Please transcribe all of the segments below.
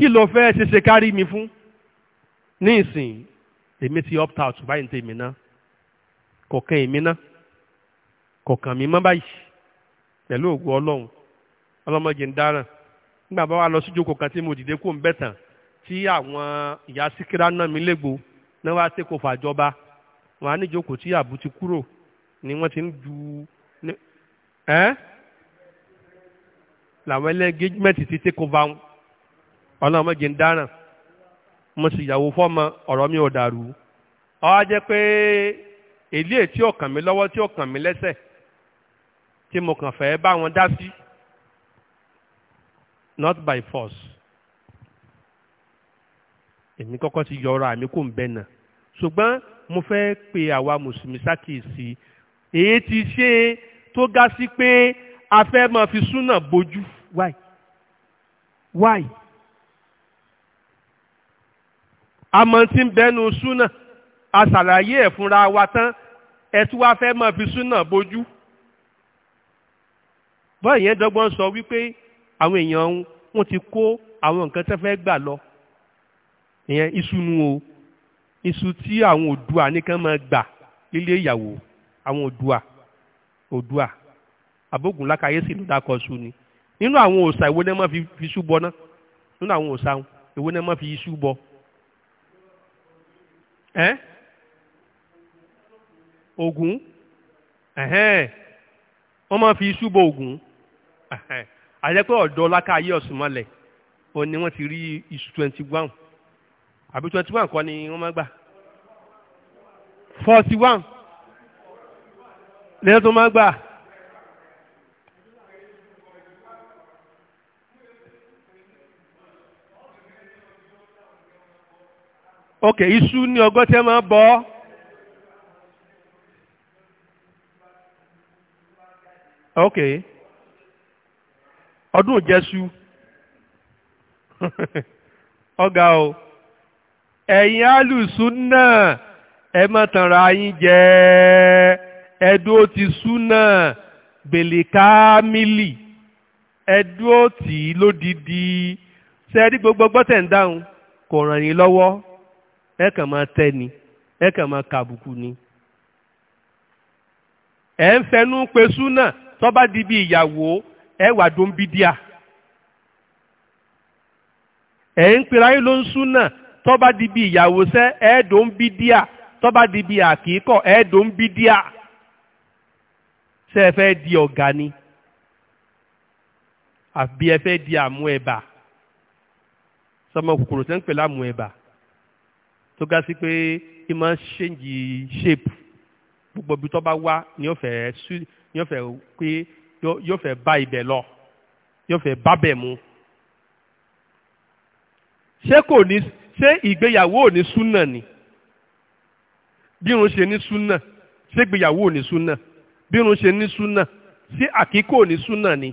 kí ló fẹ́ ṣe ṣe kárí mi fún ní ìsìn èmi ti opt out báyìí ní tèmi náà kò kan èmi náà kò kàn mí mọ́ báyìí pẹ̀lú ògùn ọlọ́run ọlọ́mọdé ń dáràn nígbà bá wà lọ sí ìjókòó kan tí mo dìde kó ń bẹ̀ tán tí àwọn ìyá síkírá náà mi légbò náà wá tẹ́kọ̀ọ́ fàjọba wọn á ní ìjókòó tí àbú ti kúrò ni wọ́n ti ń ju ẹ́ làwọn ẹlẹ́gẹ́jìmẹ̀tì ti tẹ́kọ̀ọ́ bá wọn ọlọ́run mọ́jì ń dáràn mo sì yàwó fọ́mọ ọ̀rọ̀ mi ò dàrú ó wá jẹ́ pé èlé tí ó kàn mí lọ́wọ́ tí ó kàn mí lẹ́sẹ̀ tí mo kàn fẹ́ bá wọn dá sí not by force èmi kọ́kọ́ ti yọ ọ̀rọ̀ àmì kò ń bẹ̀ nà ṣùgbọ́n mo fẹ́ pe àwa mùsùlùmí sákìsì èyí ti ṣe tó ga sí pé a fẹ́ máa fi súnà bójú why why. àmọ́ tí ń bẹnu súnà àṣàlàyé ẹ̀ fúnra wa tán ẹ tí wàá fẹ́ máa fi súnà bójú. bọ́ọ̀ yẹn dọ́gbọ́n sọ wípé àwọn èèyàn wọn ti kó àwọn nǹkan tẹ́ fẹ́ gbà lọ ìyẹn iṣu nu o iṣu tí àwọn òdua nìkan máa gbà lílé ìyàwó àwọn òdua òdua àbógun lákàyèsí ló dákọ su ni nínú àwọn òòṣà ìwé náà máa fi iṣu bọ náà nínú àwọn òòṣà ìwé náà máa fi iṣu bọ. ẹ́ ògún wọ́n máa fi iṣu bo ògún àjẹpẹ́ ọ̀dọ́ lákàáyé ọ̀sùnmọ́lẹ̀ òun ni wọ́n ti rí iṣu 21? àbí twenty kọ́ ni wọ́n máa gbà 41? lẹ́yìn tó máa gbà. ok iṣu ní ọgọ́tẹ́ máa bọ́ ok ọdún jẹ́sú ọgá o ẹ̀yin alùsùn náà ẹ má tanra yín jẹ ẹdúró ti sún náà bèlè kámílì ẹdúró tì í lódìdí ṣe é rí gbogbo gbọ́tẹ̀ ń dáhùn kò ràn yín lọ́wọ́ ẹ kàn máa tẹ́ ni ẹ kàn máa kàbùkù ni. ẹ ń fẹnu pe súnà tó bá di bí ìyàwó ẹ wà dó ń bí díà. ẹ ń pera yín ló ń súnà tó bá di bí ìyàwó sẹ́ ẹ dó ń di bí àkíkọ̀ ẹ dó ń ẹ fẹ́ di ọ̀gá ni àbí ẹ fẹ́ di àmú ẹ̀bà sọmọ kòkòrò tẹ́ ń pè lámú ẹ̀bà tó ga sí pé ẹ máa ń ṣèǹjì ṣéèpù gbogbo ibi tó bá wá ni yóò fẹ́ yóò fẹ́ pé yóò fẹ́ bá ibẹ̀ lọ yóò fẹ́ bá bẹ̀ mu. ṣé kò ní ṣé ìgbéyàwó ò ní súnà ni bírun ṣe ní súnà ṣé ìgbéyàwó ò ní súnà bírun ṣe ní súnà ṣé àkíkò ò ní súnà ni.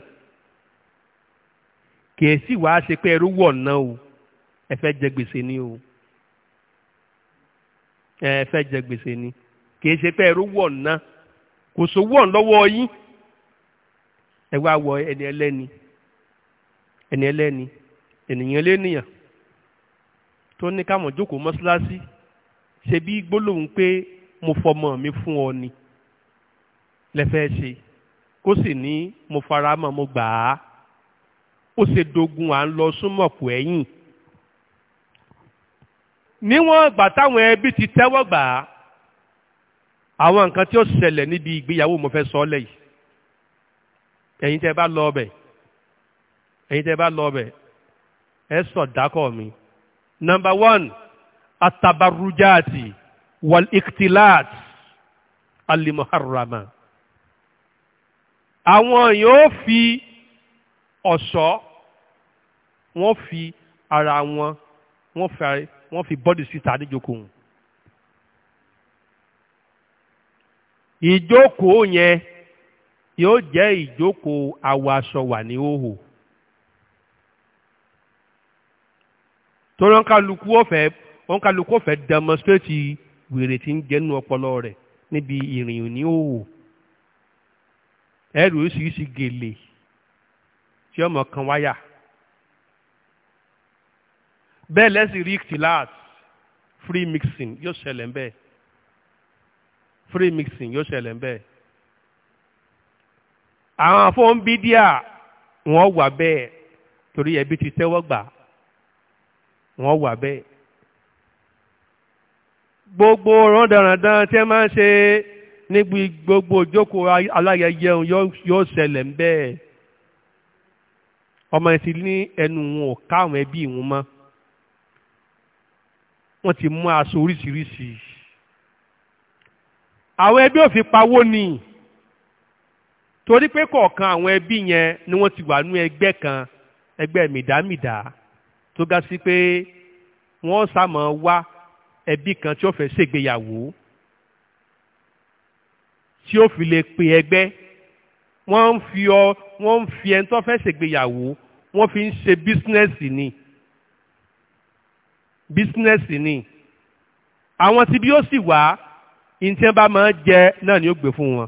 kèésì wàá ṣe pé ẹrú wọ̀ ná o ẹ fẹ́ jẹ gbèsè ni o ẹ fẹ́ jẹ gbèsè ni kì í ṣe pé ẹrú wọ̀ ná kò sówó ọ̀n lọ́wọ́ yín ẹ wá wọ ẹni ẹlẹ́ni ẹni ẹlẹ́ni ènìyàn lẹ́nìyàn tó ní káwọn jókòó mọ́ṣáláṣí ṣe bí gbólóhùn pé mo fọmọ mi fún ọ ni lẹ́fẹ́ ṣe kó sì ní mo fara mọ́ mo gbà á ó ṣe dogun à ń lọ súnmọ̀pọ̀ ẹ̀yìn níwọ̀n ìgbà táwọn ẹbí ti tẹ́wọ́ gbà á àwọn nǹkan tí ó ṣẹlẹ̀ níbi ìgbéyàwó mo fẹ́ sọ ọ́ lẹ́yìn ẹ̀yin tẹ́ bá lọ ọbẹ̀ ẹ̀yin tẹ́ bá lọ ọbẹ̀ ẹ sọ dákọ̀ mi. number one atabarujati wal iktilat alimuharama àwọn yóò fi ọ̀ṣọ́ wọ́n fi ara wọn wọ́n fi wọ́n fi bọ́dì síta níjókòó ìjókòó yẹn yóò jẹ́ ìjókòó awaṣọ wà ní òhò torí ọ̀nkàlùkù ọ̀fẹ́ ọ̀nkàlùkù ọ̀fẹ́ demonstrate wèrè tí ń jẹ́nu ọpọlọ rẹ̀ níbi ìrìn ní òhò ẹrù oríṣiríṣi gèlè tí ọmọ kan wáyà bẹ́ẹ̀ lẹ́sìn rí tìláàt free mixing yóò ṣẹlẹ̀ ń bẹ́ẹ̀ free mixing yóò ṣẹlẹ̀ ń bẹ́ẹ̀ àwọn fóun bídíà wọ́n wà bẹ́ẹ̀ torí ẹbí ti tẹ́wọ́ gbà wọ́n wà bẹ́ẹ̀ gbogbo rọ́ndàràndàn tẹ́ máa ń ṣe níbi gbogbo ìjókòó aláyẹyẹ yóò ṣẹlẹ̀ ń bẹ́ẹ̀ ọmọ ẹ̀sìn ní ẹnu wọn ò ká ẹbí wọn mọ́ wọ́n ti mú aṣọ oríṣiríṣi àwọn ẹbí ò fi pawó ni torí pé kọ̀ọ̀kan àwọn ẹbí yẹn ni wọ́n ti wà nú ẹgbẹ́ kan ẹgbẹ́ mìdámìdá tó ga sí pé wọ́n sàmọ́ wá ẹbí kan tí ó fẹ́ ṣègbéyàwó tí ó fi lè pe ẹgbẹ́ wọ́n ń fi ọ wọ́n ń fi ẹni tó fẹ́ ṣègbéyàwó wọ́n fi ń ṣe bísínẹ́sì ni bísínẹ́sì ni àwọn tí bí ó sì wá ní tí bá máa jẹ náà ni ó gbé fún wọn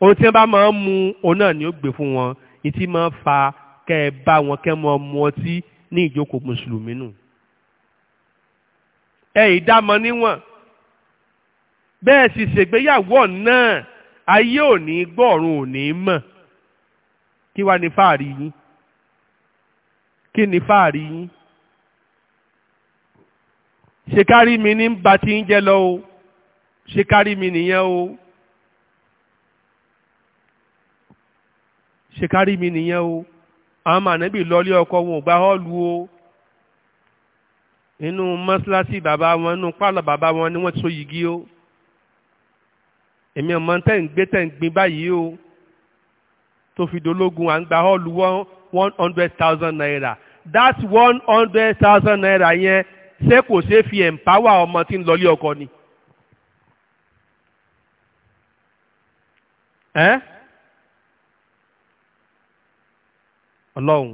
ohun tí bá máa mu òun náà ni ó gbé fún wọn ní máa fa kẹ́ ẹ bá wọn kẹ́ mọ́ mu ọtí ní ìjókòó mùsùlùmí nù ẹ ìdámọ níwọ̀n bẹ́ẹ̀ sì ṣègbéyàwó náà ayé òní gbọ́ọ̀run òní mọ̀ kí wá ní fáàrí yín kí ni fáàrí yín ṣe kárí mi ní ba ti ń jẹ́ lọ o ṣe kárí mi nìyẹn o ṣe kárí mi nìyẹn o àwọn mànẹ́bí lọlé ọkọ wọn ò gba họ́ọ̀lù o inú mọ́ṣáláṣí bàbá wọn inú pálọ̀ bàbá wọn ni wọ́n ti so yìgì o èmi ọmọ tẹ̀ ń gbé tẹ̀ ń gbin báyìí o tó fi dológun à ń gba họ́ọ̀lù one hundred thousand naira that one hundred thousand naira yẹn ṣé kò ṣeé fi ẹ̀ǹpáwà ọmọ tí ń lọlé ọkọ ni. ẹ́ ọlọ́run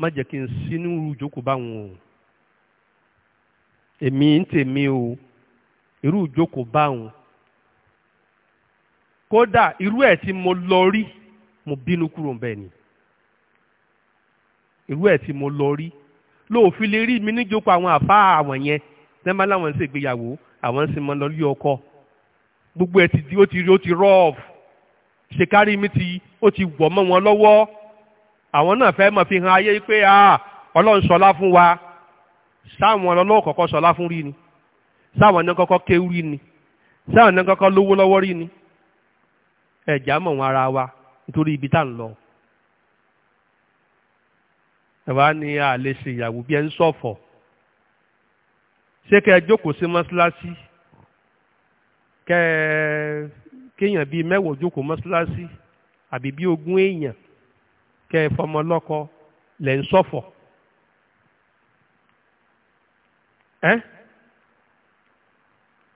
má jẹ́ kí n sínú ìjókòó báwọn o èmi ń tèmi o irú ìjókòó báwọn kódà irú ẹ̀ tí mo lọ rí mo bínú kúrò bẹ́ẹ̀ ni irú ẹ̀ tí mo lọ rí lóòfin lè rí mi níjókòó àwọn àfáà àwọn yẹn tẹ́mbà láwọn ń ṣègbéyàwó àwọn ń sinmi lọ́lé ọkọ gbogbo ẹ̀ ti di ó ti rí ó ti rọ́ọ̀f ṣèkárí mi ti ó ti wọ̀ mọ́ wọn lọ́wọ́ àwọn náà fẹ́ mọ̀ fi hàn ayé pé a ọlọ́run sọlá fún wa sáwọn ọlọ́run kọ́kọ́ sọlá fún rí ni sáwọn náà kọ́kọ́ kéwú rí ni sáwọn náà kọ́kọ́ lówó lọ́wọ́ rí ni ẹ̀já mọ̀ wọn ara wa nítorí ibi tá à ń lọ ẹ̀wá ni a lè ṣe ìyàwó bí ẹ ń ṣọ̀fọ̀ ṣé kẹ́ ẹ jókòó sí mọ́ṣáláṣí kẹ́ ẹ kéèyàn bíi mẹ́wọ̀ jókòó mọ́ṣáláṣí àbí bíi ogún èèyàn kẹ́ ẹ fọmọ lọ́kọ lẹ̀ ń ṣọ̀fọ̀ ẹ́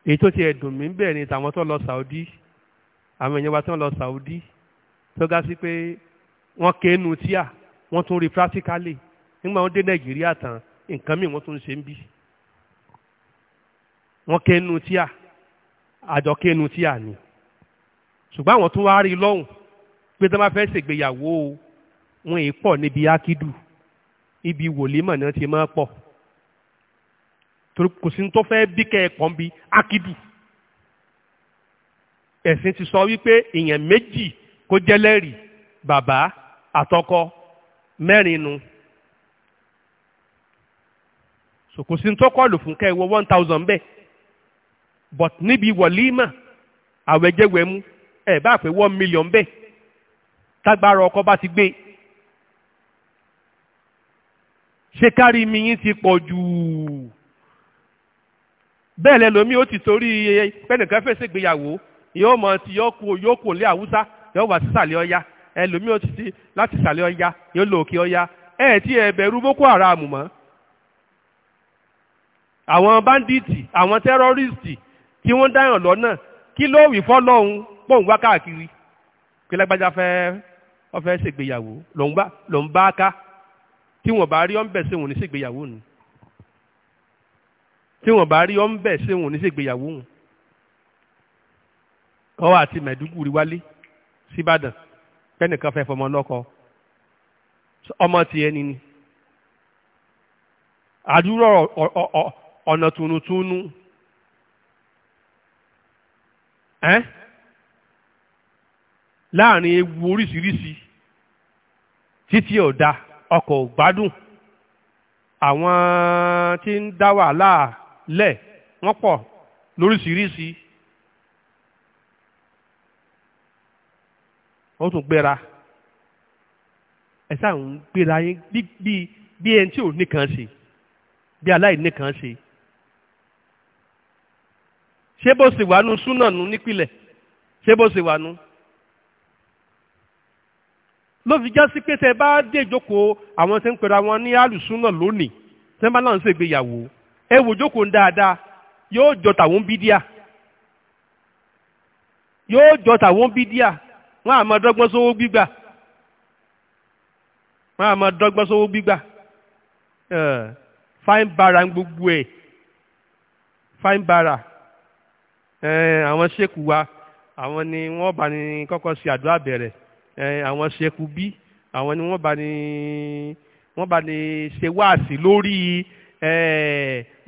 èyí tó ti ẹ̀dùn mí bẹ́ẹ̀ ni tàwọn tó lọ Saudi àwọn èèyàn wa tó lọ Saudi tó ga sí pé wọ́n kéénu tíà wọ́n tún rí practically nígbà wọ́n dé nàìjíríà tán nǹkan míì wọ́n tún ṣe ń bí wọ́n kẹ́nu tíà àjọ kẹ́nu tíà ni ṣùgbọ́n àwọn tún wá rí lọ́hùn pé tí wọ́n bá fẹ́ ṣègbéyàwó wọn èé pọ̀ níbi ákídù ibi wòlímọ̀ náà ti máa pọ̀ torí kò sí tó fẹ́ bí kẹ́ ẹ pọ̀ ń ẹ̀sìn ti sọ wípé èèyàn méjì kó jẹ́lẹ́rìí bàbá àtọkọ mẹ́rin nu so kò sí ní tó kọlù fún kẹ́ ẹ wọ one thousand bẹ́ẹ̀ but níbi wọ̀límà àwẹ̀jẹ̀wẹ̀mú ẹ̀ bá pé one million bẹ́ẹ̀ tágbára ọkọ bá ti gbé ṣé kárí mi yín ti pọ̀ jù bẹ́ẹ̀ lẹ́lòmí ó ti torí pẹ́ẹ́nìkan fèsì ìgbéyàwó yóò mọ̀ ti yóò kú yóò kú ní àwùsá yóò wà sísàlẹ̀ ọ̀ya ẹlòmíì ó ti ti láti ìsàlẹ̀ ọya yóò lọ òkè ọya ẹ ti ẹ bẹ̀rù boko haram mọ́ àwọn banditi àwọn tẹ́rọ́rìsì tí wọ́n dáyàn lọ́nà kí ló wí fọ́lọ́hún pòun wá káàkiri pé lágbájá fẹ́ wọ́n fẹ́ ṣègbéyàwó lòun bá ká tí wọ́n bá rí ọ́n bẹ̀ sí òun ní ṣègbéyàwó nù tí wọ́n bá rí ọ́n bẹ̀ sí òun ní ṣègbéyàwó nù ọwọ́ àti mẹ̀dúgùrí wálé síbàdàn. Si pẹ́nìkan fẹ́ fọmọ lọ́kọ ọmọ ti ẹni ni àdúrà ọ̀nà tunutunu ẹ́ láàrin ewu oríṣiríṣi títí ọ̀dà ọkọ̀ gbádùn àwọn tí ń dá wàhálà lẹ̀ wọ́n pọ̀ lóríṣiríṣi ó tún gbéra ẹ sáà ń gbéra yín bí bí ẹni tí ò nìkan ṣe bí aláìní kan ṣe ṣé bó ṣe wà nù súnà nù nípìnlẹ̀ ṣé bó ṣe wà nù ló fi já sí pé tẹ bá dé ìjókòó àwọn tí ń pera wọn ní alùsúnà lónìí tẹ bá náà ń ṣègbéyàwó ẹ wò jókòó dáadáa yóò jọ tàwọn bídíà yóò jọ tàwọn bídíà wọ́n á máa dọ́gbọ́n sówó gbígbà wọ́n á máa dọ́gbọ́n sówó gbígbà fine bara ń gbogbo ẹ̀ fine bara àwọn ṣéèkù wa àwọn ni wọ́n bá ní kọ́kọ́ ṣe àdúrà bẹ̀rẹ̀ àwọn ṣéèkù bí àwọn ni wọ́n bá ní wọ́n bá ní ṣe wáàsí lórí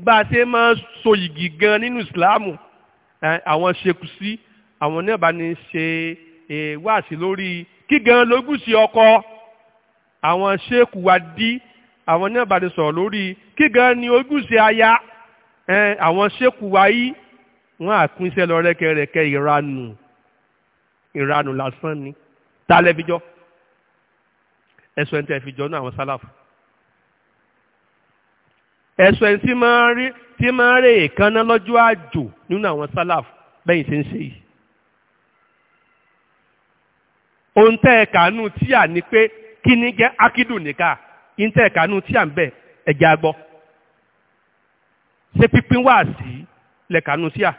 bá a ṣe máa so yìgì gan nínú ìsìláàmù àwọn ṣéèkù sí àwọn náà bá ní ṣe wáàsí lórí kígan lógúsì ọkọ àwọn ṣéèkù wa dí àwọn náà bá ti sọ̀rọ̀ lórí kígan ni ogúsì aya àwọn ṣéèkù wa yí wọ́n àpínṣẹ́ lọ rẹ́kẹrẹ́kẹ́ ìranù ìranù lásán ni tálẹ́fíjọ́ ẹ̀sùn ẹ̀ntẹ́ ìfìjọ́ náà àwọn sálàfù ẹ̀sùn ẹ̀ntí máa ń rí èékánná lọ́jọ́ àjò nínú àwọn sálàfù bẹ́yìn ṣe ń ṣe yìí ohun tẹ́ ẹ kàánú a ni pé kí ni jẹ́ akídù nìka ohun tẹ́ ẹ kàánú tíà ń bẹ̀ ẹ̀jẹ̀ agbọ́ ṣé pínpín wà sí lẹ̀ kàánú tíà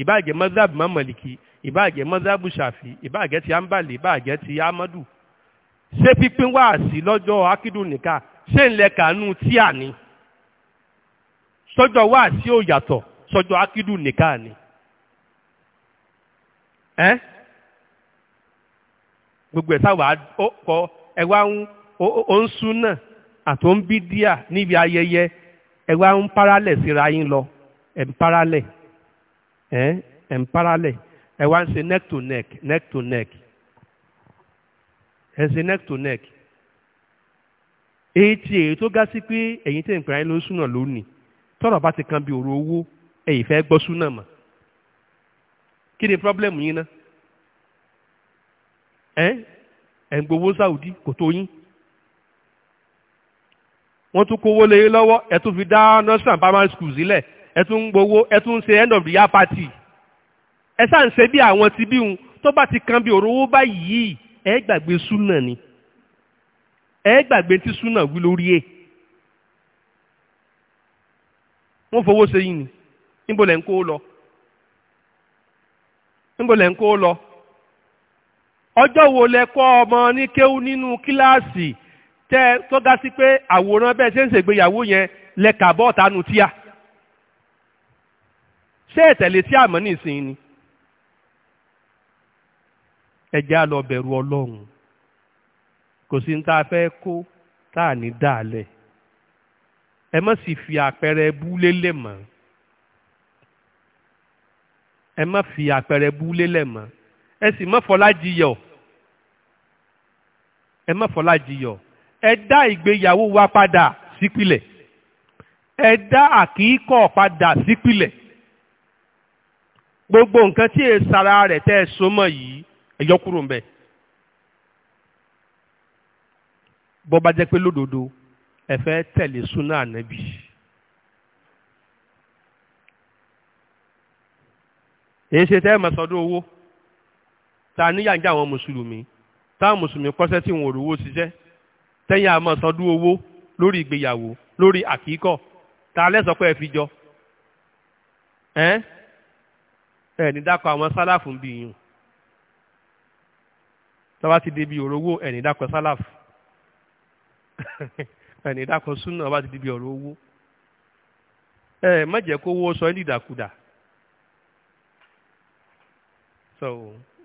ìbáàjẹ́ mọ́sáàbù mọ́mọ́lìkì ìbáàjẹ́ mọ́sáàbù ṣàfì ìbáàjẹ́ ti ámbàlì ìbáàjẹ́ ti amadu ṣé pínpín wà sí lọ́jọ́ akídù nìka ṣé ń lẹ̀ kàánú tíà ni sọ́jọ́ wà sí òyàtọ̀ sọ́jọ́ akídù nìka ni. Eh? gbogbo ẹ̀ sáwà kọ ẹ wá ń ó ń súnà àtò ń bí díà níbi ayẹyẹ ẹ wá ń paralẹ̀ síra yín lọ ẹ̀ ń paralẹ̀ ẹ̀ ń paralẹ̀ ẹ ń ṣe neck to neck neck to neck ẹ ń ṣe neck to neck èyí tí èyí tó ga sí pé ẹ̀yin tẹ̀ ń pè ayé ló ń súnà lónìí tọ́rọ̀ bá ti kan bí ọ̀rọ̀ owó ẹ̀yin fẹ́ gbọ́ súnà mọ́ kí ni pírọ́blẹ́mù yín náà ẹ́ ẹ̀ ń gbowó Saudi kò tó yín wọ́n tún kówó lé yín lọ́wọ́ ẹ̀ tún fi dá nursery primary school sílẹ̀ ẹ̀ tún ń gbowó ẹ̀ tún ń ṣe end of the year party ẹ̀ sá ń ṣe bí àwọn ti bí hun tó bá ti kan bí òróró báyìí ẹ̀ gbàgbé súnà ni ẹ̀ gbàgbé tí súnà wí lórí ẹ̀ wọ́n fowó ṣe yín ni níbo lẹ̀ ń kó lọ níbo lẹ̀ ń kó lọ ọjọ́ wo lẹ kọ́ ọmọ ní kéwú nínú kíláàsì tẹ́ tó ga sí pé àwòrán bẹ́ẹ̀ ṣe ń ṣègbéyàwó yẹn lẹ kà bọ́ ọ̀tánu tíà ṣé ẹ̀tẹ̀lé tí àmọ́ nìsín ni ẹjẹ́ á bẹ̀rù ọlọ́run kò sí ní tá fẹ́ kó tá a ní dáalẹ̀ ẹ má sì fi àpẹẹrẹ bú lélẹ̀ mọ́ ẹ má fi àpẹẹrẹ bú lélẹ̀ mọ́ ẹ sì má fọlá jiyọ̀ ẹ má fọlá jiyọ̀ ẹ dá ìgbéyàwó wa padà sípìlẹ̀ ẹ dá àkíkọ̀ padà sípìlẹ̀ gbogbo nǹkan tí èsàrà rẹ̀ tẹ́ ẹ so mọ́ yìí ẹ yọ kúrò ń bẹ̀. bó bá jẹ́ pé lódodo ẹ fẹ́ tẹ̀lé súnà ànábì. èyí ṣe tẹ́ ẹ mọ̀ sọ́dún owó ta níyànjẹ́ àwọn mùsùlùmí táwọn mùsùlùmí kọ́ṣẹ́ tí wọn ò rówó ṣiṣẹ́ tẹ́yìn àmọ́ sọdú owó lórí ìgbéyàwó lórí àkíkọ̀ ta lẹ́sọ̀ pé ẹ fi jọ ẹ ẹ ní dákọ̀ àwọn sálàfù ń bí yùn tọ́ba ti débi òrówó ẹ ní dákọ̀ sálàfù ẹ ní dákọ̀ súnà ọba ti débi ọ̀rọ̀ owó ẹ má kó owó sọ ẹ́ dìdàkudà so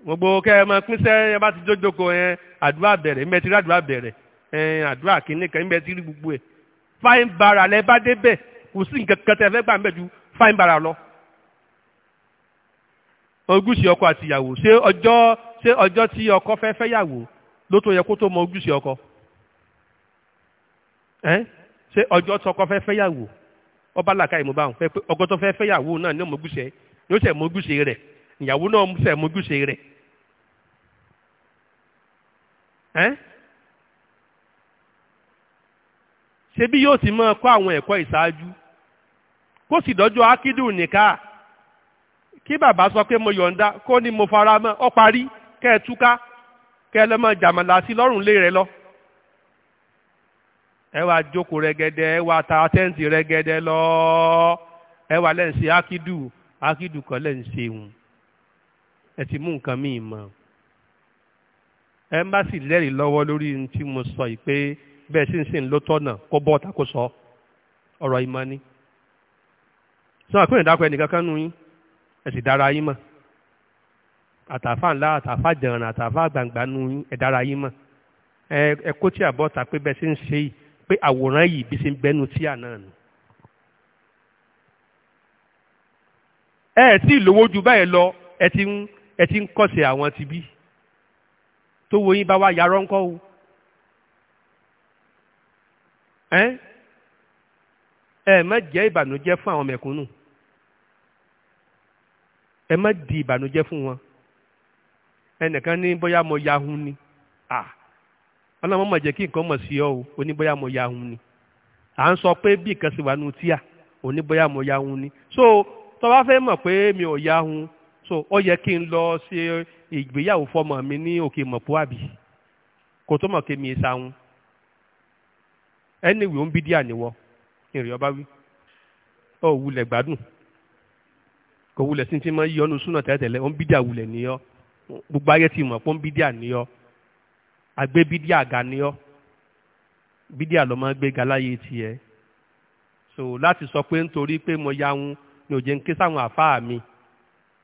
gbogbo kẹ ẹ máa pínṣẹ́ ẹ bá ti jójókòó yẹn àdúrà bẹ̀rẹ̀ ńbẹ ti rí àdúrà bẹ̀rẹ̀ àdúrà kìíní kan ńbẹ ti rí gbogbo ẹ̀ fáìn bara lẹ bá débẹ̀ kò sí nǹkan kan tẹ fẹ́ gbà ńbẹ ju fáìn bara lọ. ogúsì ọkọ àti ìyàwó ṣé ọjọ́ ṣé ọjọ́ tí ọkọ fẹ́ fẹ́ yàwó ló tó yẹ kó tó mọ ogúsì ọkọ ṣé ọjọ́ tí ọkọ fẹ́ fẹ́ yàwó ọba làkàyè mo bá wọn ọkọ tó fẹ́ fẹ́ yàwó náà ní ọmọ ogúsì ní ó ìyàwó náà fẹ́ mójúṣe rẹ̀ ẹ́ ṣe bí yóò ti máa kọ́ àwọn ẹ̀kọ́ ìṣáájú kó sì dọ́jọ́ ákídù nìka kí bàbá sọ pé mo yọ̀ǹda kó ní mo fara mọ́ ọ parí kẹ́ ẹ túká kẹ́ ẹ lọ́mọ jàmàlà sí lọ́rùn lé rẹ lọ. ẹ wá jókòó rẹgẹdẹ ẹ wá ta tẹ́ǹtì rẹgẹdẹ lọ ẹ wá lẹ́ǹsì ákídù ákídù kan lẹ́ǹsì ìhùn ẹ ti mú nǹkan míì mọ́ ẹ ń bá sì lẹ́rìí lọ́wọ́ lórí ohun tí mo sọ yìí pé bẹ́ẹ̀ sì ń sìn ló tọ́nà kó bọ́ ọ̀tá kó sọ ọ̀rọ̀ ìmọ̀ ni sọ àpéyìn dákọ ẹnì kankan nu yín ẹ sì dára yín mọ̀ àtàfà ńlá àtàfà jẹ̀rànà àtàfà gbàǹgbà nu yín ẹ dára yín mọ̀ ẹ kó tí àbọ̀tà pé bẹ́ẹ̀ sì ń ṣe yìí pé àwòrán yìí bí ṣe ń gbẹ́nu tíà náà nù. ẹ ẹ tí ì lówó ju báyìí lọ ẹ ti ń ẹ ti ń kọ̀sẹ̀ àwọn ti bí tó wo yín bá wá yarọ́ ńkọ́ o ẹ ẹ má jẹ́ ìbànújẹ́ fún àwọn mẹ̀kúnnù ẹ má di ìbànújẹ́ fún wọn ẹnìkan ní bóyá mo yahun ni ọlọ́mọ mọ̀ jẹ́ kí nǹkan mọ̀ sí ọ o oníbóyá mo yahun ni à ń sọ pé bí nǹkan sì wà nù tíà oníbóyá mo yahun ni so tó bá fẹ́ mọ̀ pé mi ò yahun so ó yẹ kí n lọ ṣe ìgbéyàwó fọmọ mi ní òkè mọ̀pọ̀ àbí kò tó mọ̀ kí mi sáwọn ẹni wíwọ́n bí díà níwọ́ ìrìn ọba wí ó wulẹ̀ gbádùn kò wulẹ̀ sí ti máa yí ọ́nu súnà tẹ́lẹ̀tẹ́lẹ̀ ó ń bí díà wulẹ̀ níyọ́ gbogbo ayé ti mọ̀ pé ó ń bí díà níyọ́ àgbé bí díà ga níyọ́ bí díà lọ́ máa gbé ga láyé tiẹ̀ so láti sọ pé nítorí pé mo ya ń ní òjé ń ké sáwọn àfáà mi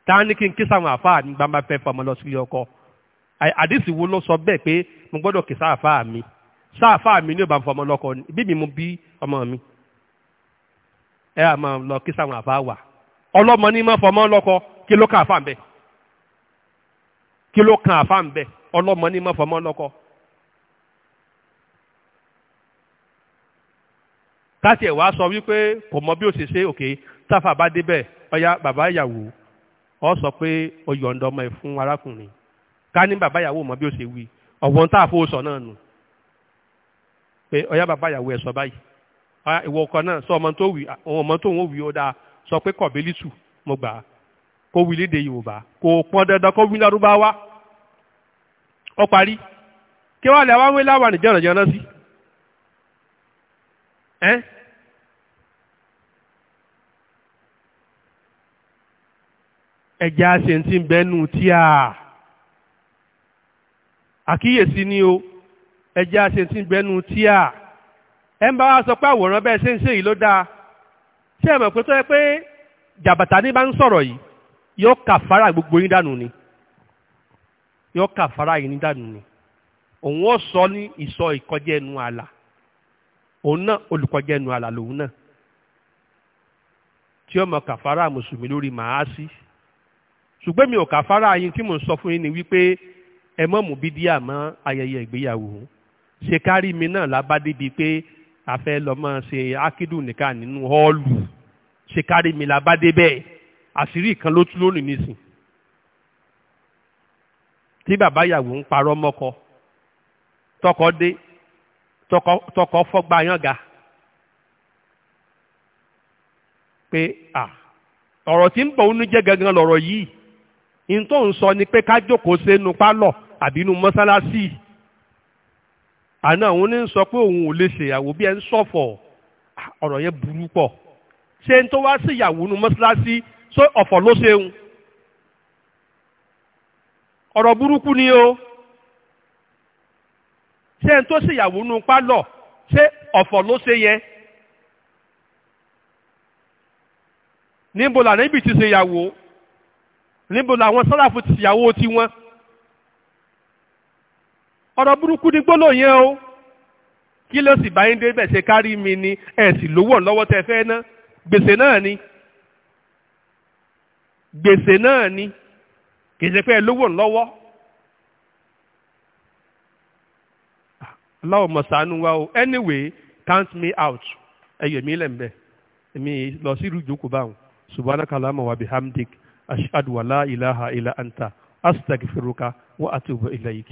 Tani ni kí n kí sáwọn àfáà ní gbàmbá fẹ́ fọmọ lọ sílé ọkọ àdìsí wo ló sọ bẹ́ẹ̀ pé mo gbọ́dọ̀ kí sáàfáà mi sáàfáà mi ní ò bá fọmọ lọkọ bí mi mo bí ọmọ mi ẹ à máa lọ kí sáwọn àfáà wà ọlọ́mọ ní máa fọmọ lọkọ kí ló kàn àfáà ń bẹ kí ló kàn àfáà ń bẹ ọlọ́mọ ní máa fọmọ lọkọ. káṣí ẹ̀ wá sọ wípé kò mọ bí ó ṣe ṣe òkè táfà bá débẹ̀ ọya bàbá ìyàwó ọ sọ pé o ọmọ ẹ̀ fún arákùnrin ká ní bàbá ìyàwó mọ bí ó ṣe wí ọ̀wọ́n tá a sọ náà nù pé ọyá bàbá ìyàwó ẹ̀ sọ báyìí ìwọ ọkọ sọ ọmọ tó ọmọ tó ń ó dáa sọ pé kọ̀bílítù mo gbà á kó wí léde Yorùbá ẹ̀já ṣe ti ń bẹ́nu tí a àkíyèsí ni o ẹ̀já ṣe ti tí a ẹ̀ ń bá wa sọ pé àwòrán bẹ́ẹ̀ ṣe ń ṣe yìí ló dáa ṣé ẹ mọ̀ pé tó yẹ pé jàbàtà ní bá ń sọ̀rọ̀ yìí yóò kàfàrà gbogbo yín dànù ni yóò kàfàrà yín ní dànù ni òun ó sọ ní ìsọ ìkọjá ẹnu àlà òun náà olùkọjá ẹnu àlà lòun náà tí ó kàfàrà mùsùlùmí lórí màá sí. Si ṣùgbọ́n mi ò kà fara yín tí mò ń sọ fún yín ni wípé ẹ mọ̀ mú bídíà mọ́ ayẹyẹ ìgbéyàwó ṣe kárí mi náà lábá débi pé àfẹ́ lọ́mọ ṣe ákídù nìkan nínú họ́ọ̀lù ṣe kárí mi lábá débẹ̀ àṣírí kan ló tú lónìí nísìn tí bàbá ìyàwó ń parọ́ mọ́kọ tọkọ dé tọkọ tọkọ fọgbà yànga pé à ọ̀rọ̀ tí ń bọ̀ ọ́nú jẹ́ gangan lọ̀rọ̀ yìí in tó ń sọ ni pé ká jókòó sínú pálọ̀ àbí inú mọ́sálásì àná òun ní sọ pé òun ò lè ṣèyàwó bí ẹ ń ṣọ̀fọ̀ ah, ọ̀rọ̀ yẹn burú pọ̀ ṣé n tó wá sí ìyàwó inú mọ́sálásì ṣé ọ̀fọ̀ ló ṣeun ọ̀rọ̀ burúkú ni o ṣé n tó sí ìyàwó inú pálọ̀ ṣé ọ̀fọ̀ ló ṣe yẹn níbo làná ibi ti ṣèyàwó níbo làwọn sáràfù ti ìyàwó tiwọn ọ̀rọ̀ burúkú ni gbólóhùn yẹn o kí ló sì bá yín dé bẹ́ẹ̀ kárí mi ni ẹ̀ sì lówó lọ́wọ́ tẹ́ fẹ́ ná gbèsè náà ni gbèsè náà ni kì í lówó lọ́wọ́ aláwọ̀ mọ̀sánú wa o anyway count me out ẹ̀yọ̀ mi lẹ̀ ń bẹ̀ èmi lọ sí ìlú ìjókòó báwọn subhanakala mọ̀ wàbí hamdik. أشهد ولا إله إلا أنت أستغفرك وأتوب إليك